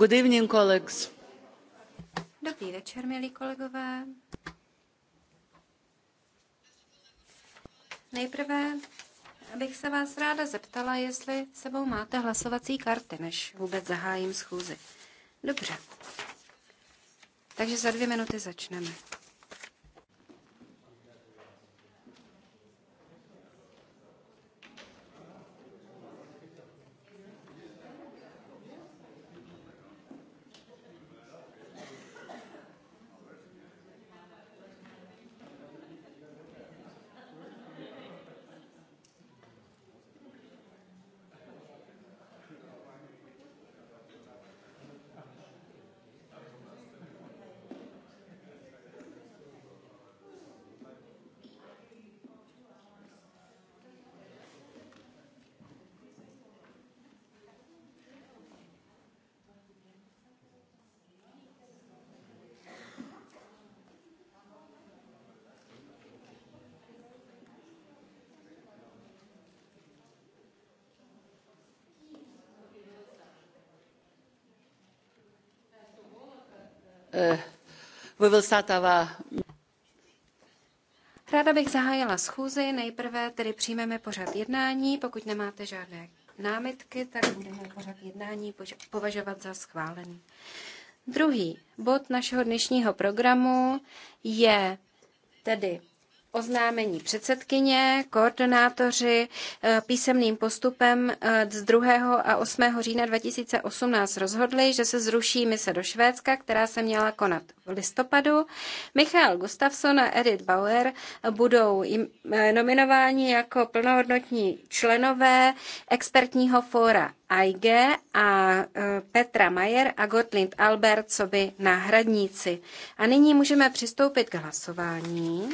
Good evening, colleagues. Dobrý večer, milí kolegové. Nejprve bych se vás ráda zeptala, jestli sebou máte hlasovací karty, než vůbec zahájím schůzi. Dobře. Takže za dvě minuty začneme. Eh, we will start our... Ráda bych zahájila schůzi. Nejprve tedy přijmeme pořad jednání. Pokud nemáte žádné námitky, tak budeme pořad jednání považovat za schválený. Druhý bod našeho dnešního programu je tedy oznámení předsedkyně, koordinátoři eh, písemným postupem eh, z 2. a 8. října 2018 rozhodli, že se zruší mise do Švédska, která se měla konat v listopadu. Michal Gustafsson a Edith Bauer budou eh, nominováni jako plnohodnotní členové expertního fóra IG a Petra Majer a Gottlind Albert, co by náhradníci. A nyní můžeme přistoupit k hlasování.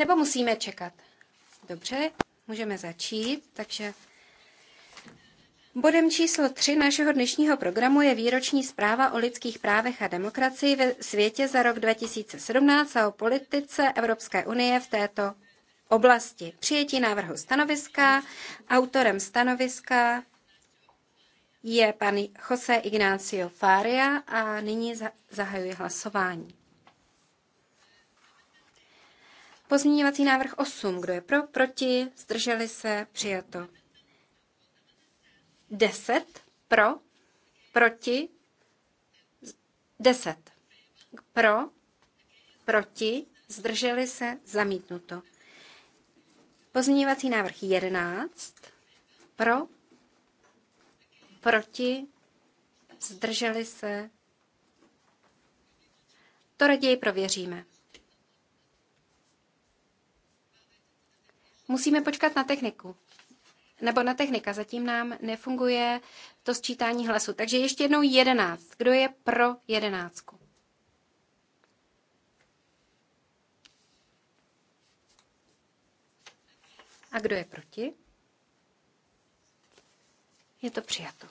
Nebo musíme čekat? Dobře, můžeme začít, takže Bodem číslo 3 našeho dnešního programu je výroční zpráva o lidských právech a demokracii ve světě za rok 2017 a o politice Evropské unie v této oblasti. Přijetí návrhu stanoviska. Autorem stanoviska je pan Jose Ignacio Faria a nyní zahajuji hlasování. Pozměňovací návrh 8. Kdo je pro? Proti? Zdrželi se? Přijato. 10. Pro? Proti? 10. Pro? Proti? Zdrželi se? Zamítnuto. Pozměňovací návrh 11. Pro? Proti? Zdrželi se? To raději prověříme. Musíme počkat na techniku. Nebo na technika. Zatím nám nefunguje to sčítání hlasu. Takže ještě jednou jedenáct. Kdo je pro jedenáctku? A kdo je proti? Je to přijato.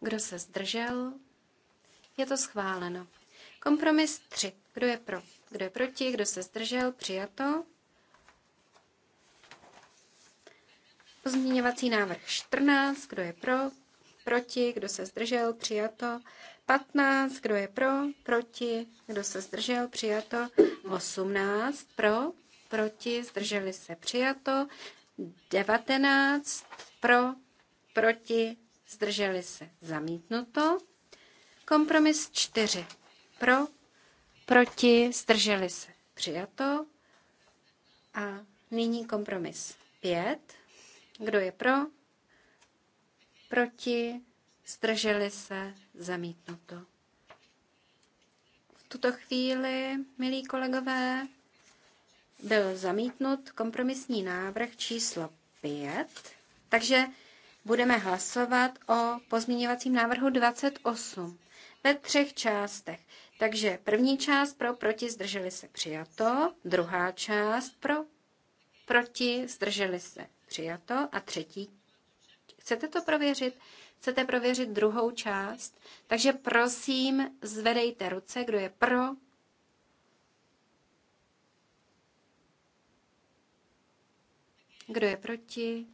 Kdo se zdržel? Je to schváleno. Kompromis 3. Kdo je pro? Kdo je proti? Kdo se zdržel? Přijato. Pozměňovací návrh 14. Kdo je pro? Proti? Kdo se zdržel? Přijato. 15. Kdo je pro? Proti? Kdo se zdržel? Přijato. 18. Pro? Proti? Zdrželi se? Přijato. 19. Pro? Proti? Zdrželi se? Zamítnuto. Kompromis 4 pro, proti, zdrželi se, přijato. A nyní kompromis 5. Kdo je pro, proti, zdrželi se, zamítnuto. V tuto chvíli, milí kolegové, byl zamítnut kompromisní návrh číslo 5, takže budeme hlasovat o pozměňovacím návrhu 28 ve třech částech. Takže první část pro, proti, zdrželi se, přijato. Druhá část pro, proti, zdrželi se, přijato. A třetí, chcete to prověřit? Chcete prověřit druhou část? Takže prosím, zvedejte ruce, kdo je pro, Kdo je proti?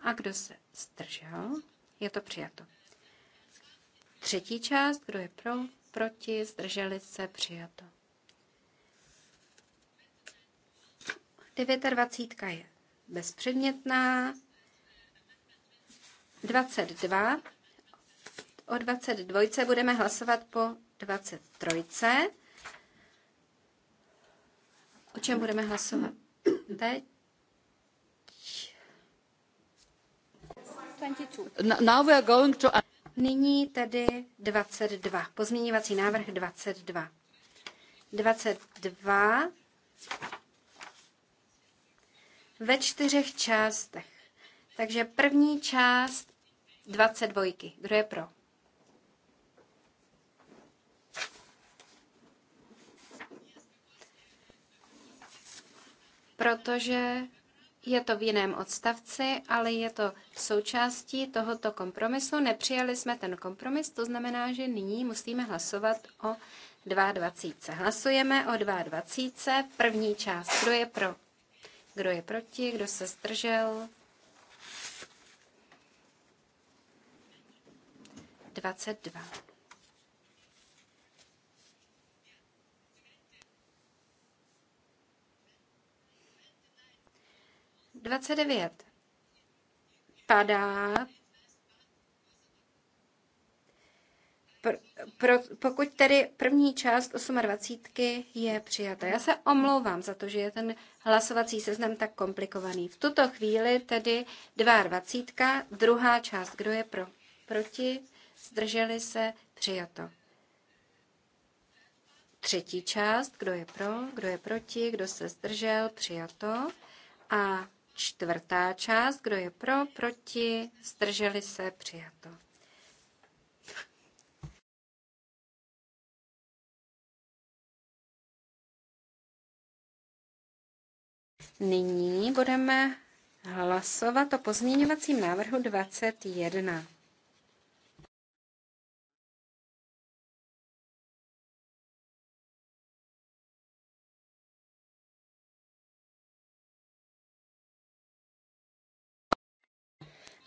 A kdo se zdržel, je to přijato. Třetí část, kdo je pro, proti, zdrželi se, přijato. 29 je bezpředmětná. 22. O 22 budeme hlasovat po 23. O čem budeme hlasovat teď? Now we are going to... Nyní tedy 22. Pozměňovací návrh 22. 22 ve čtyřech částech. Takže první část 22. Kdo je pro? Protože je to v jiném odstavci, ale je to součástí tohoto kompromisu. Nepřijali jsme ten kompromis, to znamená, že nyní musíme hlasovat o 22. Hlasujeme o 22. První část. Kdo je pro? Kdo je proti? Kdo se zdržel? 22. 29 padá, pro, pro, pokud tedy první část 28 je přijata. Já se omlouvám za to, že je ten hlasovací seznam tak komplikovaný. V tuto chvíli tedy 22, druhá část, kdo je pro, proti, zdrželi se, přijato. Třetí část, kdo je pro, kdo je proti, kdo se zdržel, přijato. A Čtvrtá část, kdo je pro, proti, zdrželi se, přijato. Nyní budeme hlasovat o pozměňovacím návrhu 21.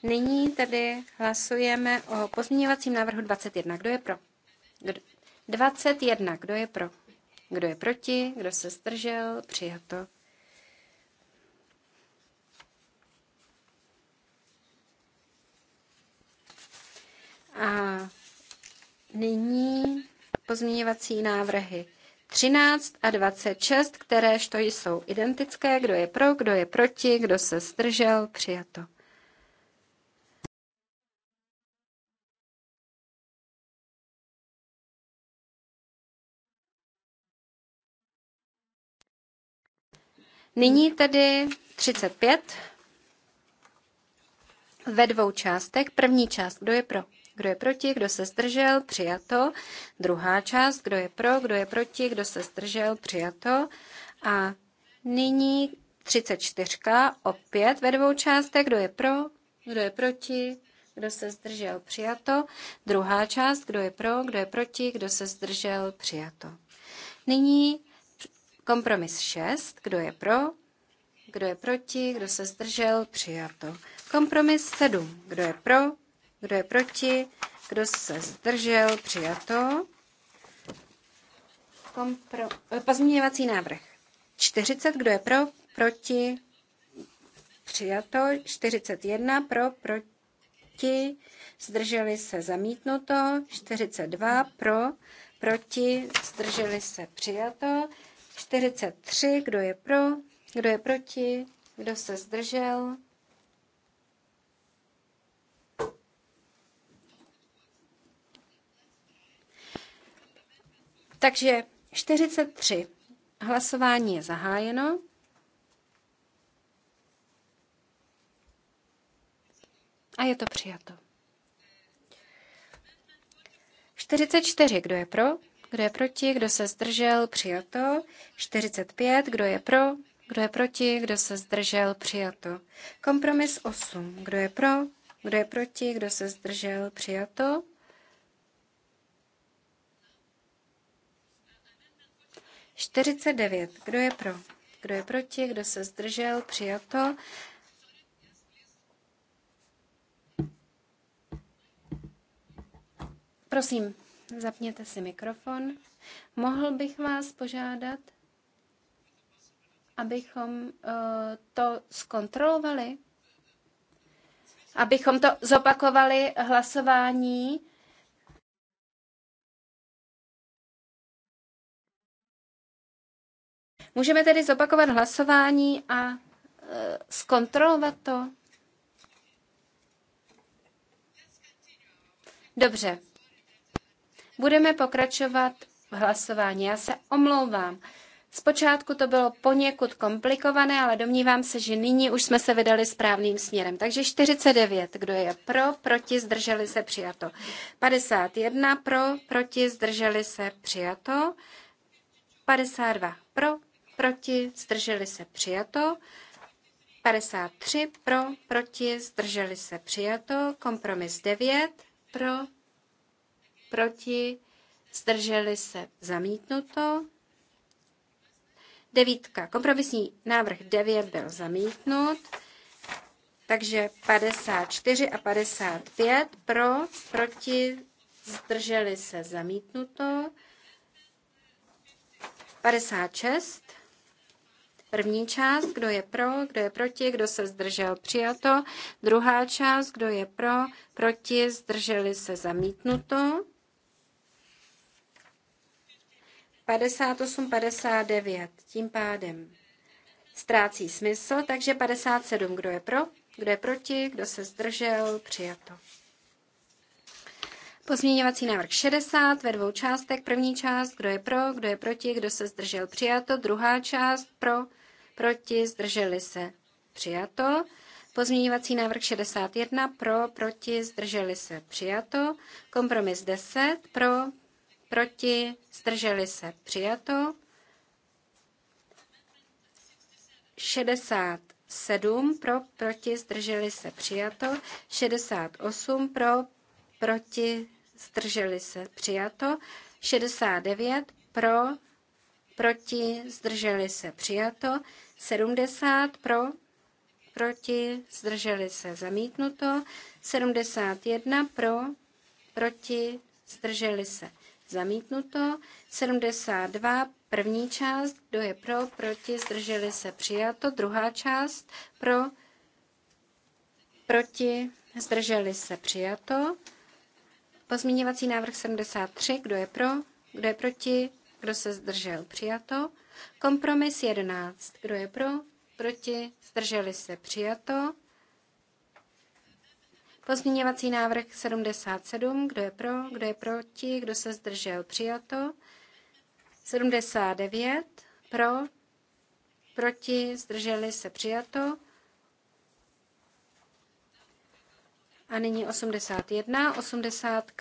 Nyní tedy hlasujeme o pozměňovacím návrhu 21. Kdo je pro? Kdo? 21. Kdo je pro? Kdo je proti? Kdo se zdržel? Přijato. A nyní pozměňovací návrhy 13 a 26, kteréž to jsou identické. Kdo je pro, kdo je proti, kdo se zdržel, přijato. Nyní tedy 35 ve dvou částech. První část, kdo je pro, kdo je proti, kdo se zdržel, přijato. Druhá část, kdo je pro, kdo je proti, kdo se zdržel, přijato. A nyní 34, opět ve dvou částech, kdo je pro, kdo je proti, kdo se zdržel, přijato. Druhá část, kdo je pro, kdo je proti, kdo se zdržel, přijato. Nyní Kompromis 6. Kdo je pro? Kdo je proti? Kdo se zdržel? Přijato. Kompromis 7. Kdo je pro? Kdo je proti? Kdo se zdržel? Přijato. Kompro... Eh, pozměňovací návrh. 40. Kdo je pro? Proti? Přijato. 41. Pro? Proti? Zdrželi se zamítnuto. 42. Pro? Proti? Zdrželi se přijato. 43, kdo je pro, kdo je proti, kdo se zdržel. Takže 43. Hlasování je zahájeno. A je to přijato. 44. Kdo je pro? Kdo je proti? Kdo se zdržel? Přijato. 45. Kdo je pro? Kdo je proti? Kdo se zdržel? Přijato. Kompromis 8. Kdo je pro? Kdo je proti? Kdo se zdržel? Přijato. Čtyřicet devět. Kdo je pro? Kdo je proti? Kdo se zdržel? Přijato. Prosím. Zapněte si mikrofon. Mohl bych vás požádat, abychom uh, to zkontrolovali? Abychom to zopakovali hlasování? Můžeme tedy zopakovat hlasování a uh, zkontrolovat to? Dobře, Budeme pokračovat v hlasování. Já se omlouvám. Zpočátku to bylo poněkud komplikované, ale domnívám se, že nyní už jsme se vydali správným směrem. Takže 49, kdo je pro, proti, zdrželi se, přijato. 51 pro, proti, zdrželi se, přijato. 52 pro, proti, zdrželi se, přijato. 53 pro, proti, zdrželi se, přijato. Kompromis 9 pro, proti, zdrželi se zamítnuto. Devítka. Kompromisní návrh 9 byl zamítnut, takže 54 a 55 pro, proti, zdrželi se zamítnuto. 56. První část, kdo je pro, kdo je proti, kdo se zdržel, přijato. Druhá část, kdo je pro, proti, zdrželi se, zamítnuto. 58-59 tím pádem ztrácí smysl, takže 57, kdo je pro, kdo je proti, kdo se zdržel, přijato. Pozměňovací návrh 60 ve dvou částech. První část, kdo je pro, kdo je proti, kdo se zdržel, přijato. Druhá část, pro, proti, zdrželi se, přijato. Pozměňovací návrh 61, pro, proti, zdrželi se, přijato. Kompromis 10, pro, proti, zdrželi se, přijato. 67 pro, proti, zdrželi se, přijato. 68 pro, proti, zdrželi se, přijato. 69 pro, proti, zdrželi se, přijato. 70 pro, proti, zdrželi se, zamítnuto. 71 pro, proti, zdrželi se, zamítnuto. 72, první část, kdo je pro, proti, zdrželi se, přijato. Druhá část, pro, proti, zdrželi se, přijato. Pozměňovací návrh 73, kdo je pro, kdo je proti, kdo se zdržel, přijato. Kompromis 11, kdo je pro, proti, zdrželi se, přijato. Pozměňovací návrh 77, kdo je pro, kdo je proti, kdo se zdržel, přijato. 79, pro, proti, zdrželi se, přijato. A nyní 81, 80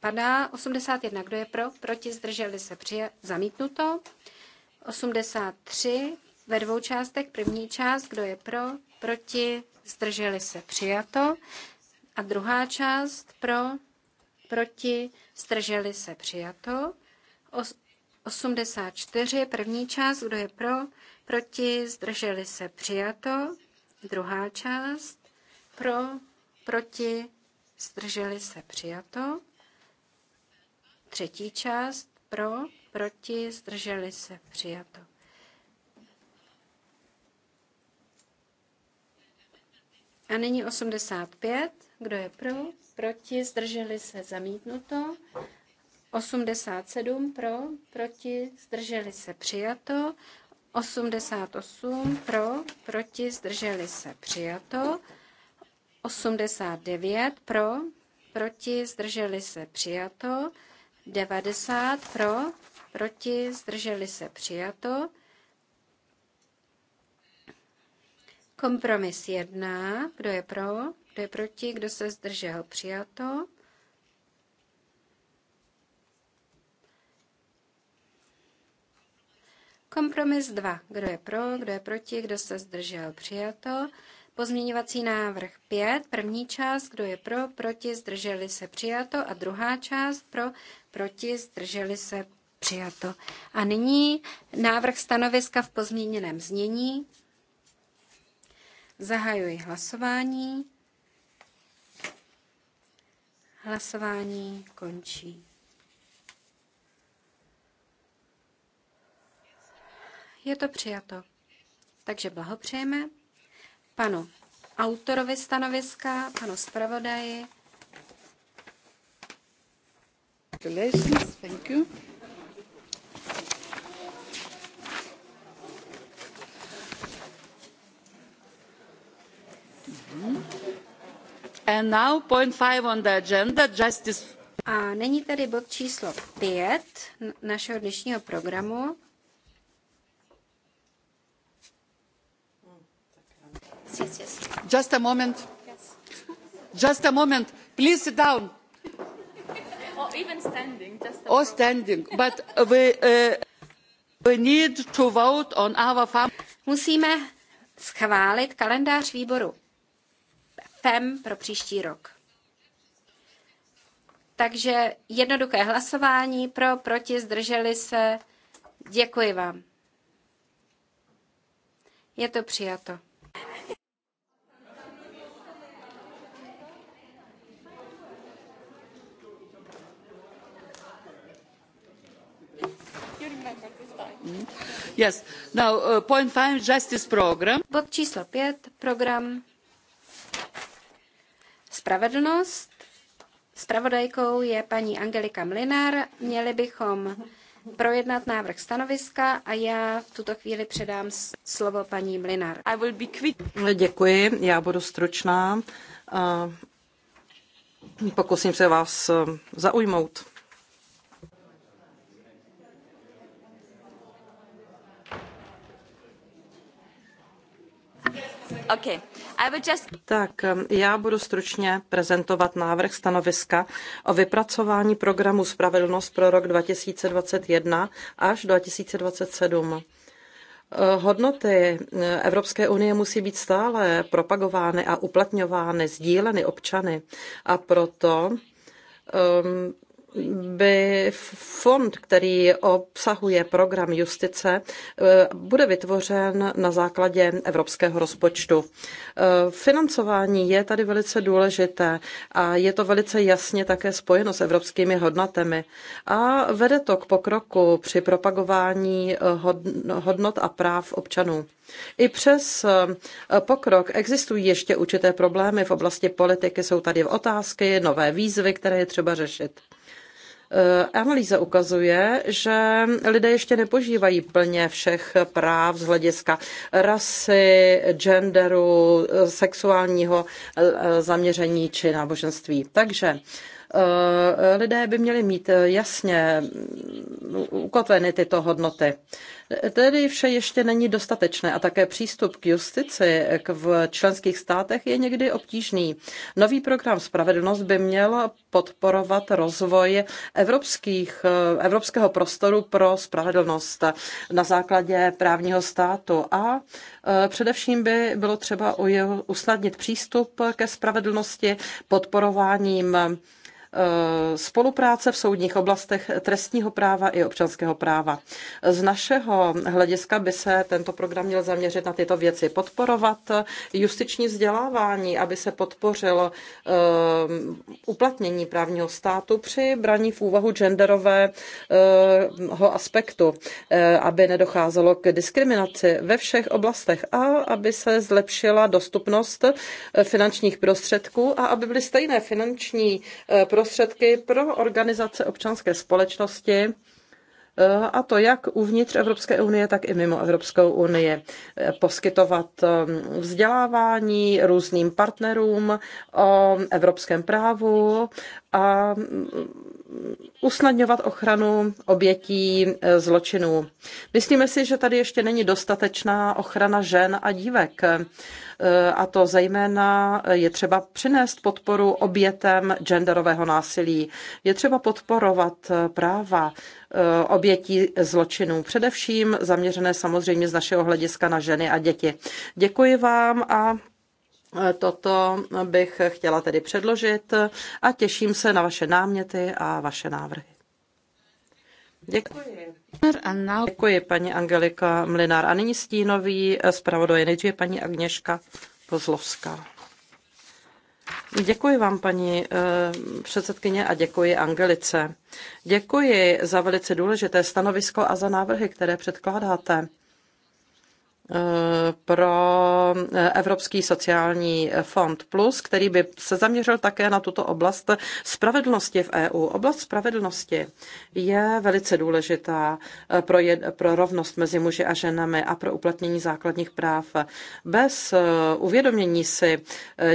padá. 81, kdo je pro, proti, zdrželi se, přijato. zamítnuto. 83 ve dvou částech. První část, kdo je pro, proti, zdrželi se, přijato. A druhá část pro, proti, zdrželi se přijato. Os, 84, první část, kdo je pro, proti, zdrželi se přijato. Druhá část, pro, proti, zdrželi se přijato. Třetí část, pro, proti, zdrželi se přijato. A nyní 85. Kdo je pro? Proti? Zdrželi se? Zamítnuto. 87 pro, proti, zdrželi se přijato. 88 pro, proti, zdrželi se přijato. 89 pro, proti, zdrželi se přijato. 90 pro, proti, zdrželi se přijato. Kompromis 1, kdo je pro, kdo je proti? Kdo se zdržel? Přijato. Kompromis 2. Kdo je pro, kdo je proti, kdo se zdržel, přijato. Pozměňovací návrh 5. První část, kdo je pro, proti, zdrželi se, přijato. A druhá část, pro, proti, zdrželi se, přijato. A nyní návrh stanoviska v pozměněném znění. Zahajuji hlasování. Hlasování končí. Je to přijato. Takže blahopřejeme panu autorovi stanoviska, panu zpravodaji. Congratulations, thank you. A není tady bod číslo pět našeho dnešního programu. Just a moment. Just a moment. Please sit down. Or even standing. Just a Or standing. But we, uh, we need to vote on our farm. Musíme schválit kalendář výboru FEM pro příští rok. Takže jednoduché hlasování pro, proti, zdrželi se. Děkuji vám. Je to přijato. Yes. Now, uh, point five, justice program. Bod číslo 5, program spravedlnost. Spravodajkou je paní Angelika Mlinár. Měli bychom projednat návrh stanoviska a já v tuto chvíli předám slovo paní Mlinár. I will be quick. Děkuji, já budu stručná. Pokusím se vás e, zaujmout. Okay. Tak um, já budu stručně prezentovat návrh stanoviska o vypracování programu Spravedlnost pro rok 2021 až 2027. Uh, hodnoty uh, Evropské unie musí být stále propagovány a uplatňovány, sdíleny občany. A proto um, by fond, který obsahuje program justice, e, bude vytvořen na základě evropského rozpočtu. E, financování je tady velice důležité a je to velice jasně také spojeno s evropskými hodnotami a vede to k pokroku při propagování e, hodnot a práv občanů. I přes pokrok existují ještě určité problémy v oblasti politiky, jsou tady otázky, nové výzvy, které je třeba řešit. Eh, analýza ukazuje, že lidé ještě nepožívají plně všech práv z hlediska rasy, genderu, eh, sexuálního eh, zaměření či náboženství. Takže Eh, lidé by měli mít eh, jasně mm, ukotveny tyto hodnoty. Tedy vše ještě není dostatečné a také přístup k justici v členských státech je někdy obtížný. Nový program Spravedlnost by měl podporovat rozvoj evropských, eh, evropského prostoru pro spravedlnost na základě právního státu a především by bylo třeba usnadnit přístup ke spravedlnosti podporováním Eh, spolupráce v soudních oblastech trestního práva i občanského práva. Z našeho hlediska by se tento program měl zaměřit na tyto věci, podporovat justiční vzdělávání, aby se podpořilo eh, uplatnění právního státu při braní v úvahu genderového eh, aspektu, aby nedocházelo k diskriminaci ve všech oblastech a aby se zlepšila dostupnost finančních prostředků a aby byly stejné finanční prostředky prostředky pro organizace občanské společnosti, eh, a to jak uvnitř Evropské unie, tak i mimo Evropskou unii. Eh, poskytovat eh, vzdělávání různým partnerům o evropském právu a usnadňovat ochranu obětí eh, zločinů. Myslíme si, že tady ještě není dostatečná ochrana žen a dívek. Eh, a to zejména je třeba přinést podporu obětem genderového násilí. Je třeba podporovat eh, práva obětí zločinů, především zaměřené samozřejmě z našeho hlediska na ženy a děti. Děkuji vám a Toto bych chtěla tedy předložit a těším se na vaše náměty a vaše návrhy. Děkuji. Děkuji, paní Angelika Mlinár. A nyní stínový zpravodaj nejdříve paní Agněška Pozlovská. Děkuji vám, paní eh, předsedkyně, a děkuji Angelice. Děkuji za velice důležité stanovisko a za návrhy, které předkládáte pro eh, Evropský sociální fond Plus, který by se zaměřil také na tuto oblast spravedlnosti v EU. Oblast spravedlnosti je velice důležitá eh, pro, jed, pro rovnost mezi muži a ženami a pro uplatnění základních práv. Bez eh, uvědomění si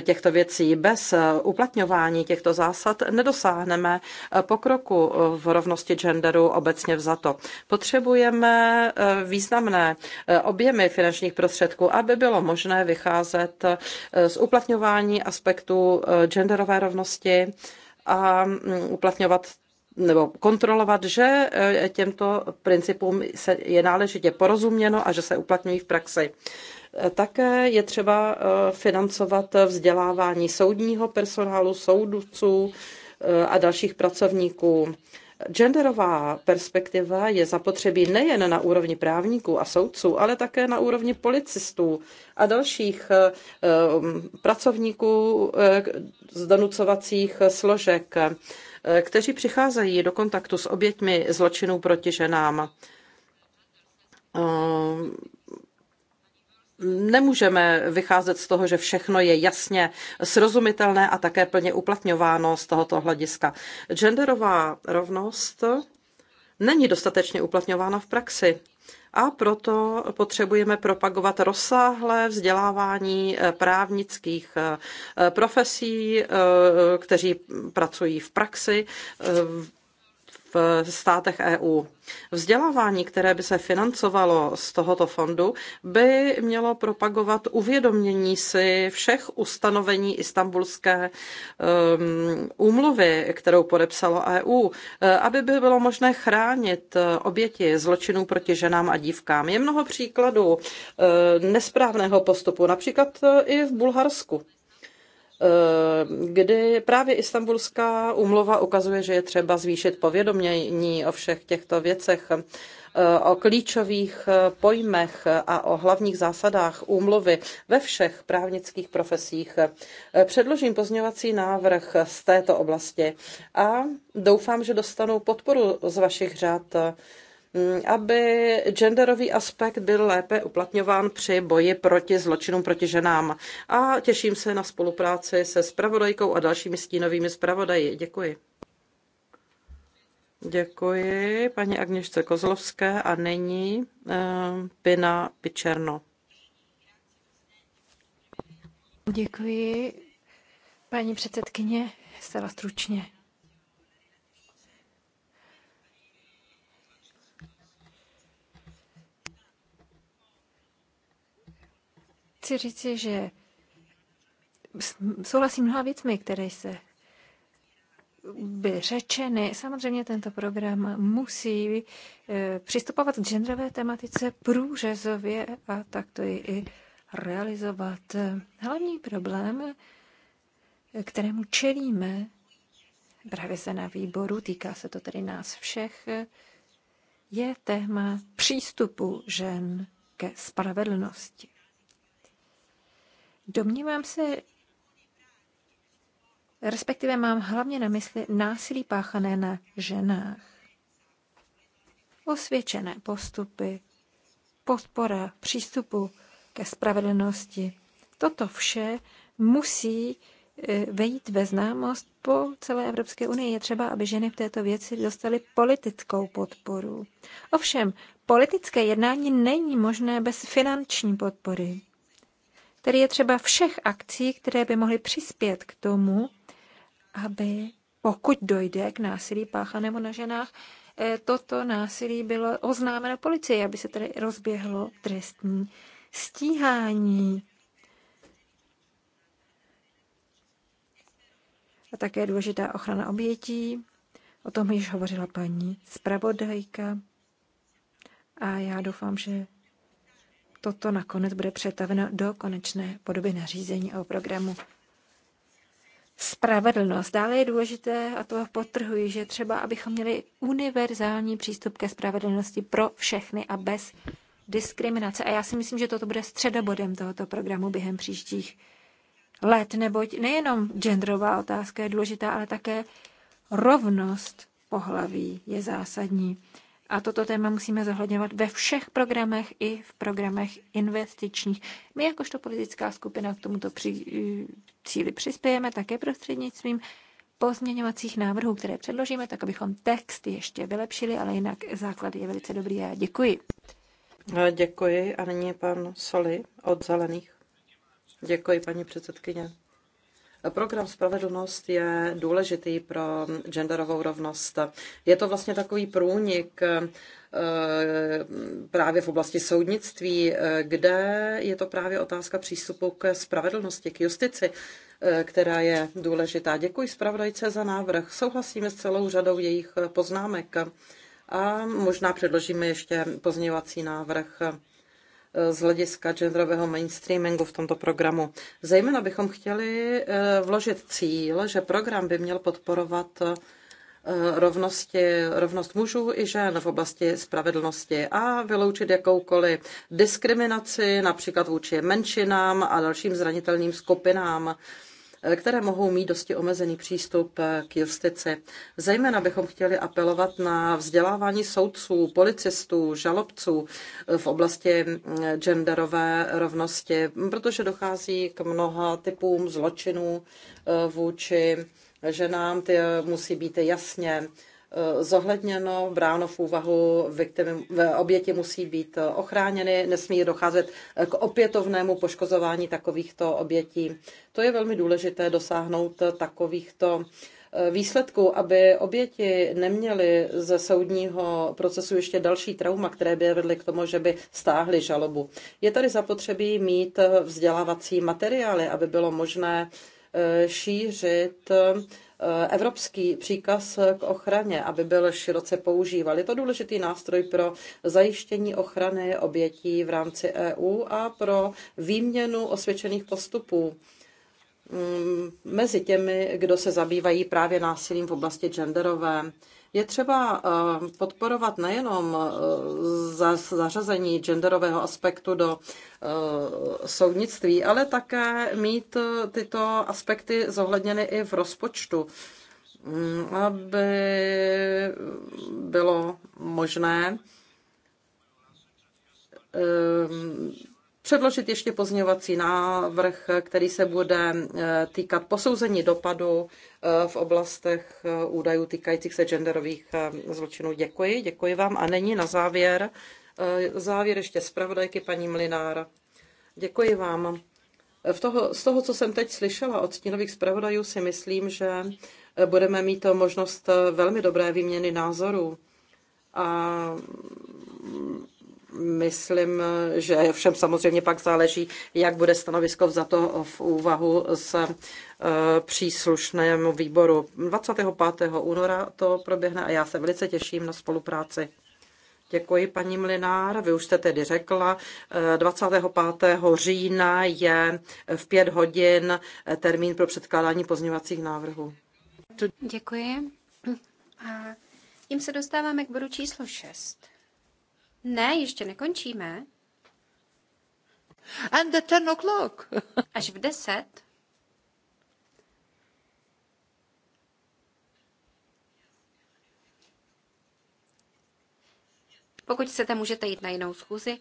těchto věcí, bez uplatňování těchto zásad nedosáhneme pokroku v rovnosti genderu obecně vzato. Potřebujeme významné objemy finanční finančních prostředků, aby bylo možné vycházet eh, z uplatňování aspektu eh, genderové rovnosti a mm, uplatňovat nebo kontrolovat, že eh, těmto principům se je náležitě porozuměno a že se uplatňují v praxi. Také je třeba financovat vzdělávání soudního personálu, soudců a dalších pracovníků. Genderová perspektiva je zapotřebí nejen na úrovni právníků a soudců, ale také na úrovni policistů a dalších eh, eh, pracovníků eh, z donucovacích složek, kteří přicházejí do kontaktu s oběťmi zločinů proti ženám nemůžeme vycházet z toho, že všechno je jasně srozumitelné a také plně uplatňováno z tohoto hlediska. Genderová rovnost není dostatečně uplatňována v praxi. A proto potřebujeme propagovat rozsáhlé vzdělávání eh, právnických eh, profesí, eh, kteří pracují v praxi, v státech EU. Vzdělávání, které by se financovalo z tohoto fondu, by mělo propagovat uvědomění si všech ustanovení istambulské um, úmluvy, kterou podepsalo EU, eh, aby by bylo možné chránit eh, oběti zločinů proti ženám a dívkám. Je mnoho příkladů eh, nesprávného postupu, například i v Bulharsku kdy právě Istanbulská umlova ukazuje, že je třeba zvýšit povědomění o všech těchto věcech, o klíčových pojmech a o hlavních zásadách úmluvy ve všech právnických profesích. Předložím pozňovací návrh z této oblasti a doufám, že dostanu podporu z vašich řad aby genderový aspekt byl lépe uplatňován při boji proti zločinům proti ženám. A těším se na spolupráci se spravodajkou a dalšími stínovými zpravodaji. Děkuji. Děkuji paní Agněšce Kozlovské a nyní uh, Pina Pičerno. Děkuji, paní předsedkyně, zcela stručně. chci říci, že souhlasím mnoha věcmi, které se by řečeny. Samozřejmě tento program musí eh, přistupovat k genderové tematice průřezově a tak to je i realizovat. Hlavní problém, kterému čelíme právě se na výboru, týká se to tedy nás všech, je téma přístupu žen ke spravedlnosti. Domnívám se, respektive mám hlavně na mysli násilí páchané na ženách. Osvědčené postupy, podpora přístupu ke spravedlnosti. Toto vše musí e, vejít ve známost po celé Evropské unii. Je třeba, aby ženy v této věci dostaly politickou podporu. Ovšem, politické jednání není možné bez finanční podpory. Tedy je třeba všech akcí, které by mohly přispět k tomu, aby pokud dojde k násilí páchanému na ženách, eh, toto násilí bylo oznámeno policii, aby se tedy rozběhlo trestní stíhání. A také důležitá ochrana obětí. O tom již hovořila paní zpravodajka. A já doufám, že toto nakonec bude přetaveno do konečné podoby nařízení o programu. Spravedlnost. Dále je důležité, a to potrhuji, že třeba, abychom měli univerzální přístup ke spravedlnosti pro všechny a bez diskriminace. A já si myslím, že toto bude středobodem tohoto programu během příštích let, neboť nejenom genderová otázka je důležitá, ale také rovnost pohlaví je zásadní. A toto téma musíme zohledňovat ve všech programech i v programech investičních. My jakožto politická skupina k tomuto při, cíli přispějeme také prostřednictvím pozměňovacích návrhů, které předložíme, tak abychom text ještě vylepšili, ale jinak základ je velice dobrý a děkuji. No, děkuji a nyní je pan Soli od Zelených. Děkuji, paní předsedkyně. Program Spravedlnost je důležitý pro genderovou rovnost. Je to vlastně takový průnik eh, právě v oblasti soudnictví, eh, kde je to právě otázka přístupu k spravedlnosti, k justici, eh, která je důležitá. Děkuji zpravodajce za návrh. Souhlasíme s celou řadou jejich poznámek a možná předložíme ještě pozměňovací návrh z hlediska genderového mainstreamingu v tomto programu. Zejména bychom chtěli eh, vložit cíl, že program by měl podporovat eh, rovnosti, rovnost mužů i žen v oblasti spravedlnosti a vyloučit jakoukoliv diskriminaci, například vůči menšinám a dalším zranitelným skupinám které mohou mít dosti omezený přístup k justici. Zejména bychom chtěli apelovat na vzdělávání soudců, policistů, žalobců v oblasti mm, genderové rovnosti, protože dochází k mnoha typům zločinů eh, vůči ženám, ty eh, musí být jasně Eh, zohledněno, bráno v úvahu, oběti musí být eh, ochráněny, nesmí docházet eh, k opětovnému poškozování takovýchto obětí. To je velmi důležité dosáhnout takovýchto výsledků, aby oběti neměly ze soudního procesu ještě další trauma, které by vedly k tomu, že by stáhly žalobu. Je tady zapotřebí mít vzdělávací materiály, aby bylo možné šířit Eh, evropský příkaz k ochraně, aby byl široce používán. Je to důležitý nástroj pro zajištění ochrany obětí v rámci EU a pro výměnu osvědčených postupů mm, mezi těmi, kdo se zabývají právě násilím v oblasti genderové. Je třeba eh, podporovat nejenom eh, zařazení genderového aspektu do eh, soudnictví, ale také mít tyto aspekty zohledněny i v rozpočtu, mm, aby bylo možné předložit ještě pozměňovací návrh, který se bude eh, týkat posouzení dopadu eh, v oblastech eh, údajů týkajících se genderových zločinů. Děkuji, děkuji vám. A není na závěr, závěr ještě zpravodajky paní Mlinár. Děkuji vám. V toho, z toho, co jsem teď slyšela od stínových zpravodajů, si myslím, že budeme mít možnost velmi dobré výměny názorů. A myslím, že všem samozřejmě pak záleží, jak bude stanovisko vzato v úvahu s eh, příslušnému výboru. 25. února to proběhne a já se velice těším na spolupráci. Děkuji, paní Mlinár. Vy už jste tedy řekla, 25. Eh, října je v pět hodin eh, termín pro předkládání pozměňovacích návrhů. Děkuji. A tím se dostáváme k bodu číslo 6. Ne, ještě nekončíme. And at ten o'clock. Až v deset. Pokud chcete, můžete jít na jinou schůzi.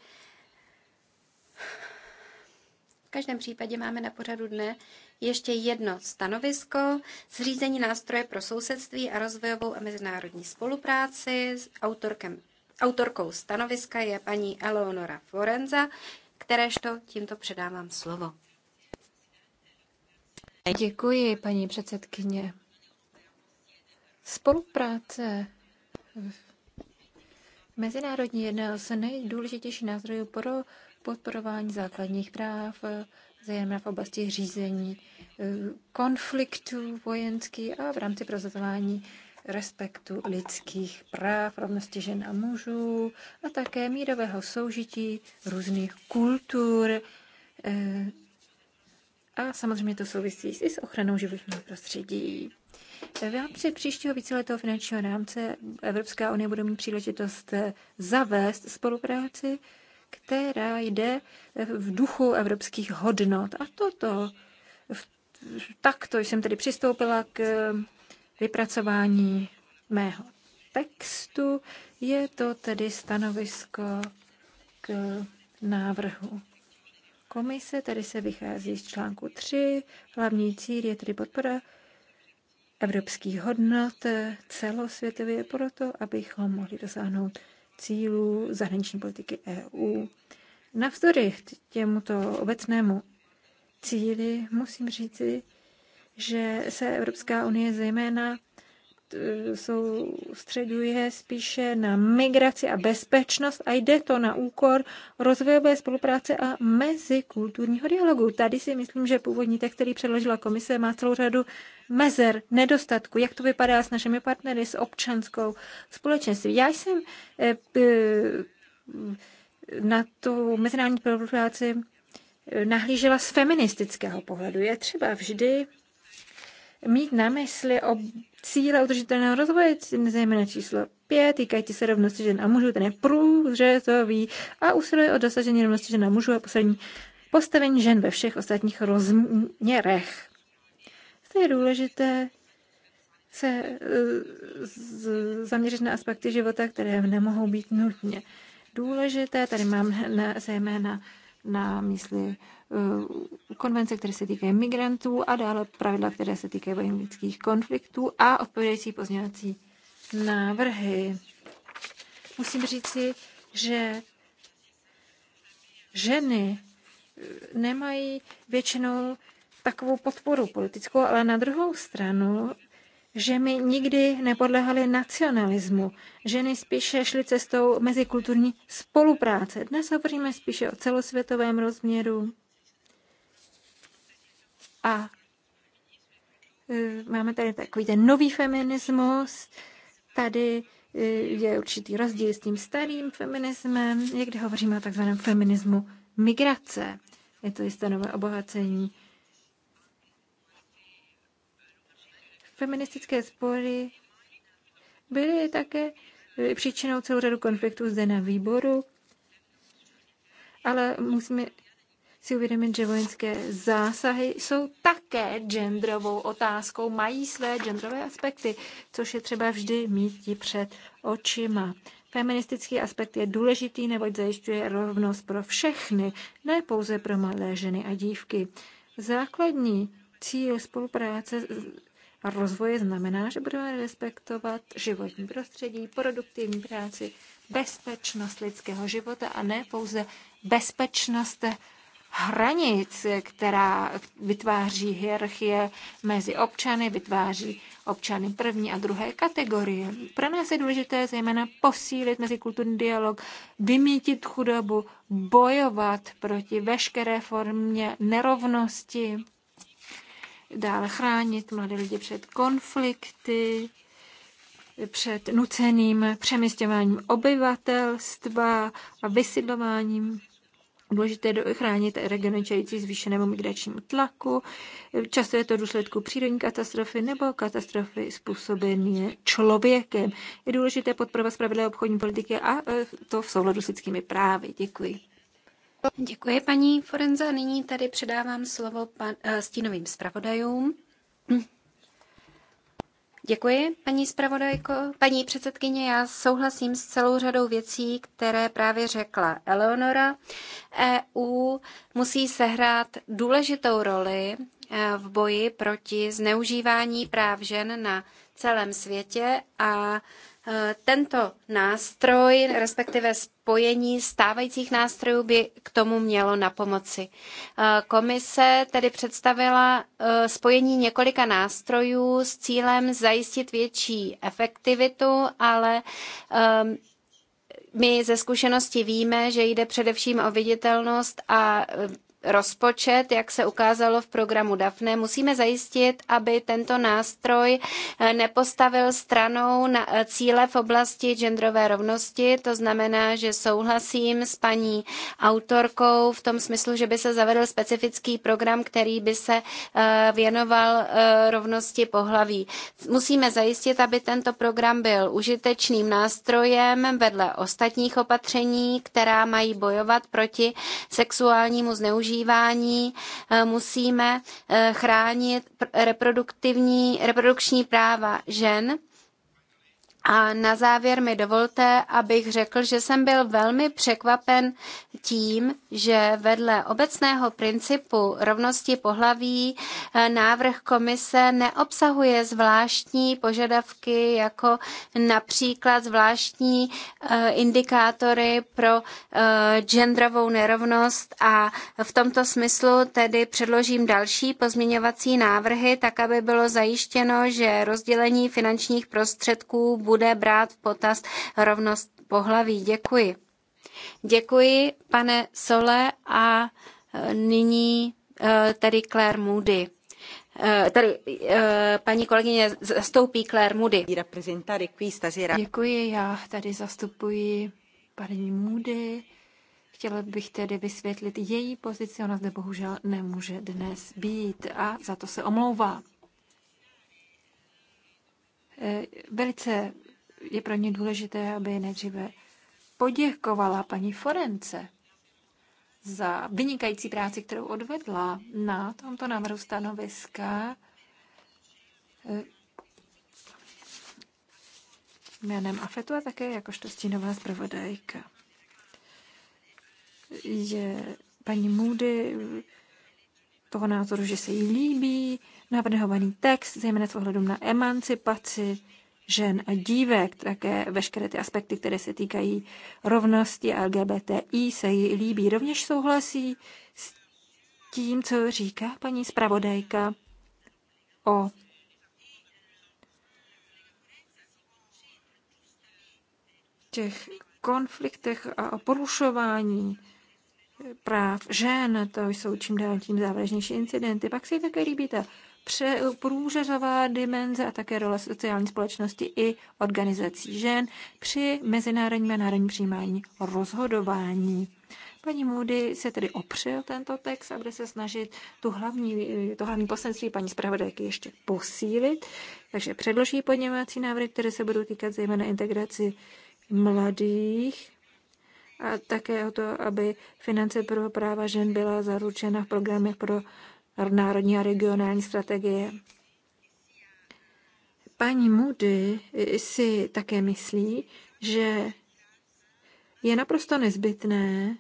V každém případě máme na pořadu dne ještě jedno stanovisko, zřízení nástroje pro sousedství a rozvojovou a mezinárodní spolupráci s autorkem Autorkou stanoviska je paní Eleonora Forenza, kteréžto tímto předávám slovo. Děkuji, paní předsedkyně. Spolupráce Mezinárodní jedna se nejdůležitější nástrojů pro podporování základních práv, zejména v oblasti řízení eh, konfliktů vojenský a v rámci prozazování respektu lidských práv, rovnosti žen a mužů a také mírového soužití různých kultur. Eh, a samozřejmě to souvisí i s ochranou životního prostředí. V rámci příštího víceletého finančního rámce Evropská unie bude mít příležitost zavést spolupráci, která jde v duchu evropských hodnot. A toto, takto jsem tedy přistoupila k vypracování mého textu. Je to tedy stanovisko k návrhu komise, Tady se vychází z článku 3. Hlavní cíl je tedy podpora evropských hodnot celosvětově proto, abychom mohli dosáhnout cílů zahraniční politiky EU. Navzdory těmuto obecnému cíli musím říci, že se Evropská unie zejména soustředuje spíše na migraci a bezpečnost a jde to na úkor rozvojové spolupráce a mezikulturního dialogu. Tady si myslím, že původní text, který předložila komise, má celou řadu mezer, nedostatku, jak to vypadá s našimi partnery, s občanskou společenství? Já jsem eh, na tu mezinárodní spolupráci eh, nahlížela z feministického pohledu. Je třeba vždy mít na mysli o cíle udržitelného rozvoje, zejména číslo 5, týkající se rovnosti žen a mužů, ten je průřezový a usiluje o dosažení rovnosti žen a mužů a poslední postavení žen ve všech ostatních rozměrech. To je důležité se zaměřit na aspekty života, které nemohou být nutně důležité. Tady mám na, zejména na mysli Eh, konvence, které se týkají migrantů a dále pravidla, které se týkají vojenských konfliktů a odpovědající pozměňovací návrhy. Musím říci, že ženy eh, nemají většinou takovou podporu politickou, ale na druhou stranu že my nikdy nepodlehali nacionalismu. Ženy spíše šly cestou mezikulturní spolupráce. Dnes hovoříme spíše o celosvětovém rozměru. A e, máme tady takový ten nový feminismus, tady e, je určitý rozdíl s tím starým feminismem, někdy hovoříme o takzvaném feminismu migrace. Je to jisté nové obohacení. Feministické spory byly také e, příčinou celou řadu konfliktů zde na výboru, ale musíme si uvědomit, že vojenské zásahy jsou také genderovou otázkou, mají své genderové aspekty, což je třeba vždy mít ti před očima. Feministický aspekt je důležitý, neboť zajišťuje rovnost pro všechny, ne pouze pro malé ženy a dívky. Základní cíl spolupráce a rozvoje znamená, že budeme respektovat životní prostředí, produktivní práci, bezpečnost lidského života a ne pouze bezpečnost hranic, která vytváří hierarchie mezi občany, vytváří občany první a druhé kategorie. Pro nás je důležité zejména posílit mezikulturní dialog, vymítit chudobu, bojovat proti veškeré formě nerovnosti, dále chránit mladé lidi před konflikty, před nuceným přeměstňováním obyvatelstva a vysidlováním důležité chránit regiony čelící zvýšenému migračnímu tlaku. Často je to důsledku přírodní katastrofy nebo katastrofy způsobené člověkem. Je důležité podprava spravedlivé obchodní politiky a e, to v souladu s lidskými právy. Děkuji. Děkuji, paní Forenza. Nyní tady předávám slovo pan, e, stínovým zpravodajům. Děkuji, paní zpravodajko. Paní předsedkyně, já souhlasím s celou řadou věcí, které právě řekla Eleonora. EU musí sehrát důležitou roli Eh, v boji proti zneužívání práv žen na celém světě a eh, tento nástroj, respektive spojení stávajících nástrojů by k tomu mělo na pomoci. Eh, komise tedy představila spojení několika nástrojů s cílem zajistit větší efektivitu, ale ehm, my ze zkušenosti víme, že jde především o viditelnost a rozpočet, jak se ukázalo v programu DAFNE, musíme zajistit, aby tento nástroj eh, nepostavil stranou na eh, cíle v oblasti genderové rovnosti. To znamená, že souhlasím s paní autorkou v tom smyslu, že by se zavedl specifický program, který by se eh, věnoval rovnosti pohlaví. Musíme zajistit, aby tento program byl užitečným nástrojem vedle ostatních opatření, která mají bojovat proti sexuálnímu zneužívání používání eh, Musíme eh, chránit reproduktivní, reprodukční práva žen a na závěr mi dovolte, abych řekl, že jsem byl velmi překvapen tím, že vedle obecného principu rovnosti pohlaví eh, návrh komise neobsahuje zvláštní požadavky, jako například zvláštní eh, indikátory pro eh, genderovou nerovnost a v tomto smyslu tedy předložím další pozměňovací návrhy, tak aby bylo zajištěno, že rozdělení finančních prostředků bude bude brát v potaz rovnost pohlaví. Děkuji. Děkuji, pane Sole, a e, nyní e, tedy Claire Moody. E, tady paní kolegyně zastoupí Claire Moody. Děkuji, já tady zastupuji paní Moody. Chtěla bych tedy vysvětlit její pozici, ona zde bohužel nemůže dnes být a za to se omlouvám. E, velice je pro ně důležité, aby nejdříve poděkovala paní Forence za vynikající práci, kterou odvedla na tomto návrhu stanoviska e, jménem Afetu a také jakožto stínová zpravodajka. Je paní Moody toho názoru, že se jí líbí navrhovaný text, zejména s ohledem na emancipaci žen a dívek, také veškeré ty aspekty, které se týkají rovnosti a LGBTI, se jí líbí. Rovněž souhlasí s tím, co říká paní zpravodajka o těch konfliktech a o porušování práv žen, to jsou čím dál tím závažnější incidenty. Pak se jí také líbí ta pře- průřezová dimenze a také role sociální společnosti i organizací žen při mezinárodním a národním přijímání rozhodování. Paní Moody se tedy opřel tento text a bude se snažit tu hlavní, to hlavní poselství paní zpravodajky ještě posílit. Takže předloží podněvací návrhy, které se budou týkat zejména integraci mladých a také o to, aby finance pro práva žen byla zaručena v programech pro národní a regionální strategie. Paní Moody si také myslí, že je naprosto nezbytné,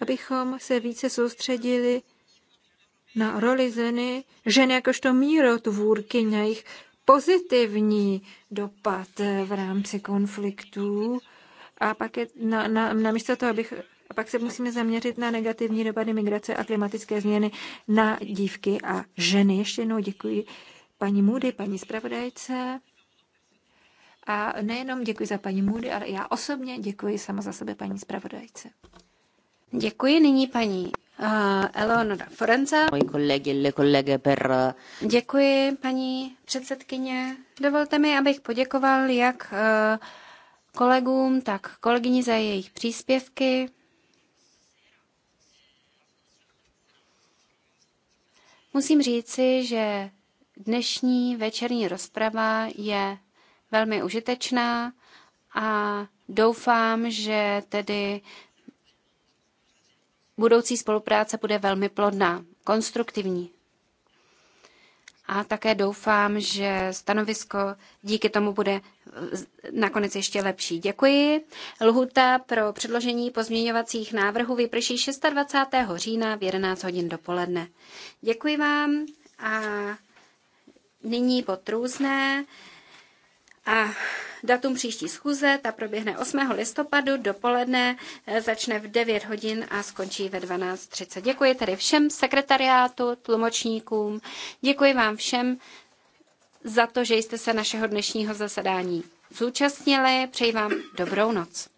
abychom se více soustředili na roli ženy, ženy jakožto mírotvůrky, na jejich pozitivní dopad v rámci konfliktů a pak je na, na, na místo toho, abych a pak se musíme zaměřit na negativní dopady migrace a klimatické změny na dívky a ženy. Ještě jednou děkuji paní Moody, paní zpravodajce. A nejenom děkuji za paní Moody, ale já osobně děkuji sama za sebe paní zpravodajce. Děkuji nyní paní uh, Eleonora Forenza. Moji kolegy, le kolege per... Eh, děkuji paní předsedkyně. Dovolte mi, abych poděkoval jak uh, kolegům, tak kolegyni za jejich příspěvky. Musím říci, že dnešní večerní rozprava je velmi užitečná a doufám, že tedy budoucí spolupráce bude velmi plodná, konstruktivní a také doufám, že stanovisko díky tomu bude eh, nakonec ještě lepší. Děkuji. Lhuta pro předložení pozměňovacích návrhů vyprší 26. října v 11 hodin dopoledne. Děkuji vám a nyní potrůzné. A datum příští schůze, ta proběhne 8. listopadu, dopoledne eh, začne v 9 hodin a skončí ve 12.30. Děkuji tedy všem sekretariátu, tlumočníkům, děkuji vám všem za to, že jste se našeho dnešního zasedání zúčastnili. Přeji vám dobrou noc.